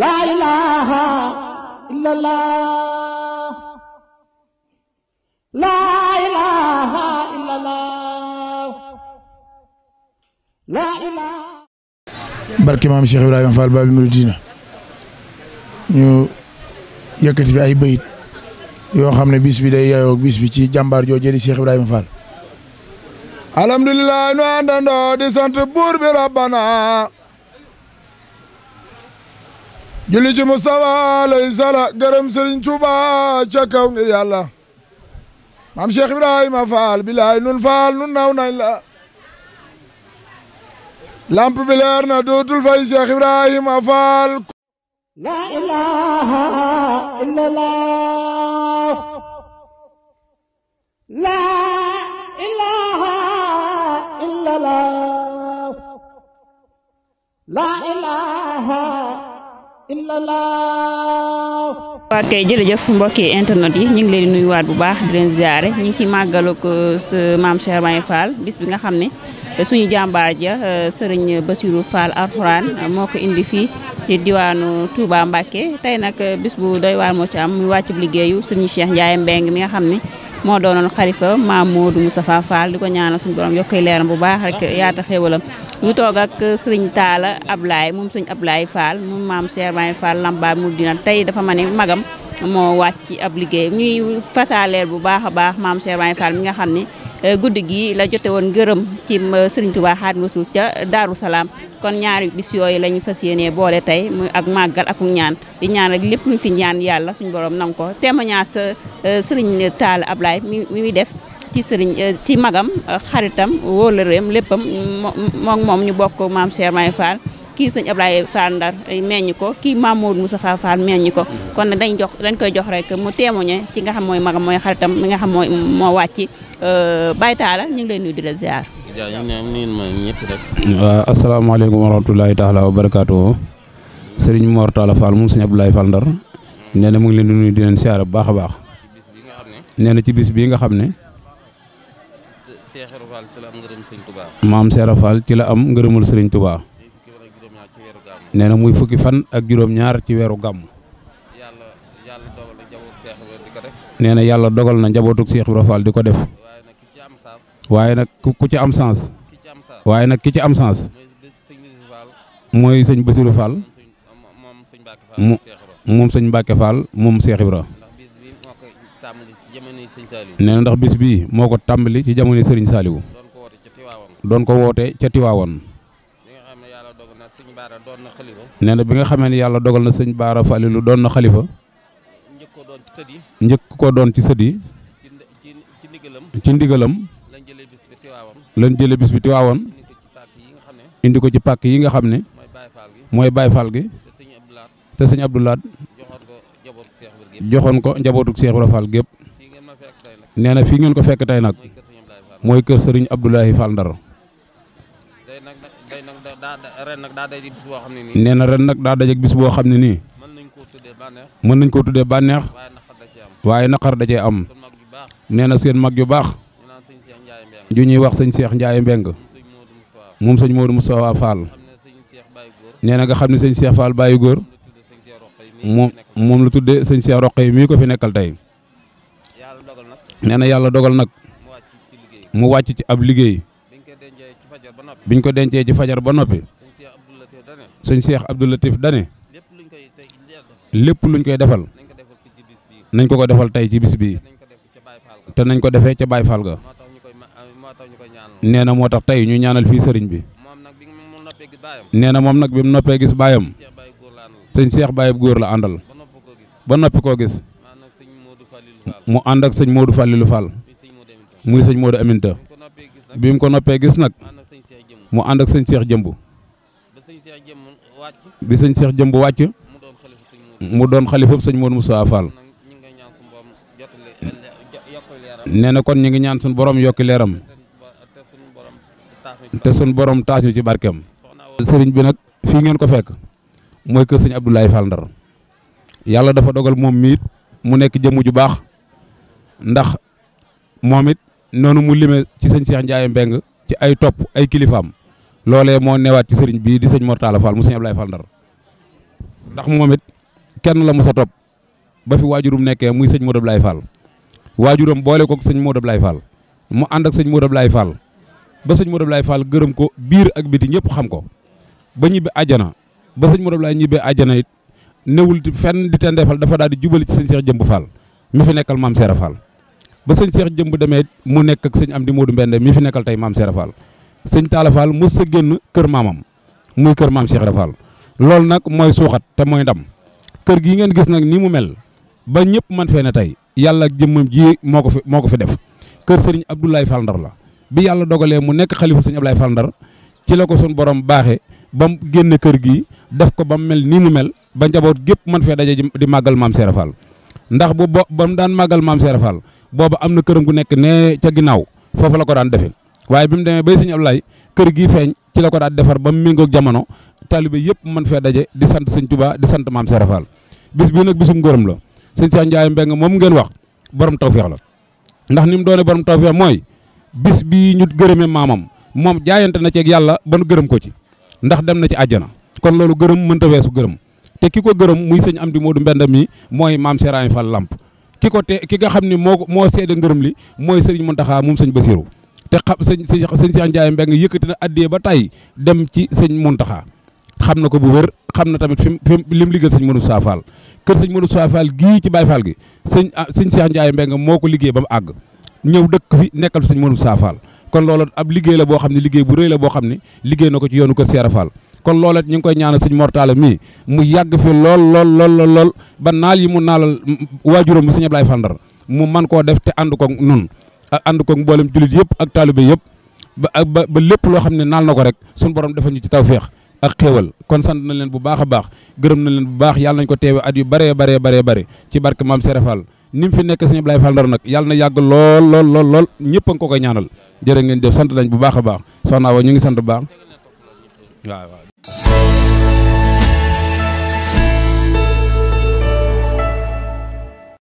laa ilaaha illallah laa ilaaha illallah laa ilaaha barke maam Cheikh Ibrahima Fall Babil Mouridina ñu yëkkati fi ay bayit yoo xam ne biis bi day yaayoo bis bi ci jàmbaar jooju di Cheikh Ibrahima Fall nu àndandoo di sant buur bi rabbana julli ci Moustapha lay gërëm Serigne Touba ca kaw ngir yàlla maam Cheikh Ibrahima Fall bilaay nun Fall nun naaw nañ la lamp bi leer na dootul fay Cheikh Ibrahima Fall la ilaha illallah waa kay jërëjëf mbokki internet yi ñu ngi leen di nuyuwaat bu baax di leen ziare ñu ngi ci màggalu ko euh, maam Cheikh Ibrahima Fall bis bi nga xam ne euh, suñu jàmbaar ja euh, sëriñ Bassirou Fall Alxuraan moo ko indi fii di diwaanu Touba Mbacke tey nag bis bu doy waar moo ci am muy wàccu liggéeyu sëriñ Cheikh Ndiaye Mbeng mi nga xam ni moo doonoon xarifa maam Modou Moustapha Fall di ko ñaanal suñ borom yokk leeram bu baax rek yaata xéwalam ñu toog ak sëriñ Talla Ablaye moom sëñ Ablaye Fall moom maam Cheikh Baye Fall lamba mu dina tey dafa ma ne magam moo wàcc ci ab liggéey ñuy fasaaleel bu baax a baax maam Cheikh Baye Fall nga xam ne eh, guddi gi la jote woon gërëm ci eh, sëriñ Touba Xaadimu Rasuul ca Daaru Salaam kon ñaari bis yooyu lañu ñu fas yéenee boole tey muy ak màggal akum ñaan di ñaan rek lépp luñ fi ñaan yàlla suñ borom nang ko témoignage euh, euh, sëriñ taal ablaay mi mi muy def ci sëriñ euh, ci magam xaritam wóolëreem léppam moom moom ñu bokk maam Cheikh May Fall kii sëñ Ablaye Fall Ndar meññ ko kii maam Mamoud Moustapha Fall meññ ko kon nag dañ jox dañ koy jox rek mu témoigné ci nga xam mooy magam mooy xaritam mi nga xam mooy moo wàcc Baye Talla ñu ngi lay nuyu di la ziar. waaw asalaamaaleykum wa rahmatulahi taala wa barakaatu sëriñ Mor Talla Fall moom sëñ Abdoulaye Ndar nee mu ngi leen di nuyu di leen siyaare bu baax a baax nee na ci bis bii nga xam ne maam Seera Fall ci la am ngërëmul sëriñ Touba nee na muy fukki fan ak juróom-ñaar ci weeru gàmm nee na yàlla dogal na njabootug Seex Ibra Fall di ko def. waaye nag ku ci am sens waaye nag ki ci am sens mooy sëñ Bassirou Fall moom sëñ Mbacke Fall moom Cheikh Ibra nee na ndax bis bii moo ko tàmbali ci jamono sëriñ Saliou doon ko woote ca Tiwaawoon nee na bi nga xamee ne yàlla dogal na sëñ Baara Falilu doon na xalifa njëkk ko doon ci sëdi ci ndigalam lan jële bis bi Tiwaawoon indi ko ci pàkk yi nga xam ne mooy Baay Faal gi te sëñ Abdou Lahad joxoon ko njabootu Cheikh Ibra Fall gépp nee na fii ngeen ko fekk tey nag mooy kër sëriñ Abdoulahi Fall Ndar nee na ren nag daa dajeeg bis boo xam ne nii mën nañ koo tuddee bànneex waaye naqar da cee am nee na seen mag yu baax ju ñuy wax sëñ Cheikh Ndiaye Mbeng moom sëñ Modou Moustapha Fall nee na nga xam ne sëñ Cheikh Fall bàyyi góor moom moom la tuddee sëñ Cheikh Roqe yi mii ko fi nekkal tey nee na yàlla dogal nag mu wàcc ci ab liggéey biñ ko dencee ci fajar ba noppi sëñ Cheikh Abdou Latif dane lépp luñ koy defal nañ ko ko defal tey ci bis bii te nañ ko defee ca Baye Fall ga nee na moo tax tey ñu ñaanal fii sëriñ bi nee na moom nag bi mu noppee gis baayam sëñ Cheikh Baye góor la àndal ba noppi koo gis mu ànd ak sëñ Modou Fallilou Fall muy sëñ Modou Aminta bi mu ko noppee gis nag mu ànd ak sëñ Cheikh Jëmb bi sëñ Cheikh Jëmb wàcc mu doon xalifab sëñ Modou Moussa Fall nee na kon ñu ngi ñaan suñu borom yokki leeram te sun borom taas ñu ci barkeem sëriñ bi nag fi ngeen ko fekk mooy kër sëñ Abdoulaye Fall Ndar yàlla dafa dogal moom miit mu nekk jëmm ju baax ndax moom it noonu mu lime ci sëñ Cheikh Ndiaye Mbeng ci ay topp ay kilifaam loole moo neewaat ci sëriñ bii di sëñ Mortala Fall mu sëñ Abdoulaye Fall ndax moom it kenn la mos a waajurum nekkee muy sëñ Modou Abdoulaye Fall waajuram boole koog sëñ Modou laay Fall mu ànd ak sëñ Modou laay Fall ba sëñ Modou Abdoulaye faal gërëm ko biir ak biti ñëpp xam ko ba ñibbi àjjana ba sëñ moo Abdoulaye ñibbee àjjana it newul fenn di tendeefal dafa daal di jubali ci sëñ Cheikh Jëmb Fall mi fi nekkal maam Serap Fall ba sëñ Cheikh Jëmb demee mu nekk ak sëñ Amdi Modou Mbende mi fi nekkal tey maam Serap Fall sëñ Talla Fall mos sa génn kër maamam muy kër maam Cheikh Fall loolu nag mooy suuxat te mooy ndam kër gii ngeen gis nag ni mu mel ba ñëpp man fee ne tey yàlla ak jëmmam ji moo ko fi moo ko fi def kër sëriñ Abdoulaye Fall Ndar la bi yàlla dogalee mu nekk xalifu sëñ Ablaye Fall Ndar ci la ko suñ borom baaxee ba mu génne kër gi def ko ba mu mel nii mu mel ba njaboot gépp mën fee daje di màggal maam Serap Fall ndax bu bo ba mu daan màggal maam Serap Fall booba am na këram gu nekk nee ca ginnaaw foofu la ko daan defee waaye bi mu demee bay sëñ Ablaye kër gii ci la ko daan defar ba mu méngoog jamono taalibe yëpp mën fee daje di sant sëñ Tuubaa di sant maam Serap Fall bis bii nag bisum ngërëm la sëñ Cheikh Ndiaye Mbengue moom ngeen wax borom tawféex la ndax ni mu doone borom tawféex mooy bis bii ñu gërëme maamam moom jaayante na ceeg yàlla ba nu gërëm ko ci ndax dem na ci àjjana kon loolu gërëm mënta weesu gërëm te ki ko gërëm muy sëñ Amdi Modou Mbenda mi mooy maam Serigne Fall làmp ki ko te ki nga xam ne moo moo seede ngërëm li mooy sëriñ Muntaxa moom sëñ Basiru te xam sëñ sëñ sëñ Cheikh Ndiaye Mbeng yëkkati na addee ba tey dem ci sëñ Muntaxa xam na ko bu wér xam na tamit fi mu fi mu lim liggéey sëñ Modou Saa Fall kër sëñ Modou Saa Fall ci Baye gi sëñ ah, sëñ Cheikh Ndiaye Mbeng moo ko liggéey ba mu àgg ñëw dëkk fi nekkal fi sëñ Modou Moussa Fall kon loola ab liggéey la boo xam ne liggéey bu rëy la boo xam ne liggéey na ko ci yoonu kër Seera Fall kon loola ñu ngi koy ñaanal sëñ Mortala mii mu yàgg fi lool lool lool lool ba naal yi mu naalal waajuram mu sëñ Ablaye Fall mu man koo def te ànd koog nun ànd ko mboolem jullit yëpp ak taalibe yëpp ba ba ba lépp loo xam ne naal na ko rek suñu borom defal ñu ci tawféex ak xéewal kon sant nañ leen bu baax a baax gërëm na leen bu baax yàlla nañ ko teewe at yu baree baree baree bare ci barke maam Seera Fall ni mu fi nekk sëñ Ablaye Fall Ndar nag yàlla na yàgg lool lool lool lool ñëpp a ngi ko koy ñaanal jërë ngeen def sant nañ bu baax a baax soxna wa ñu ngi sant bu baax waaw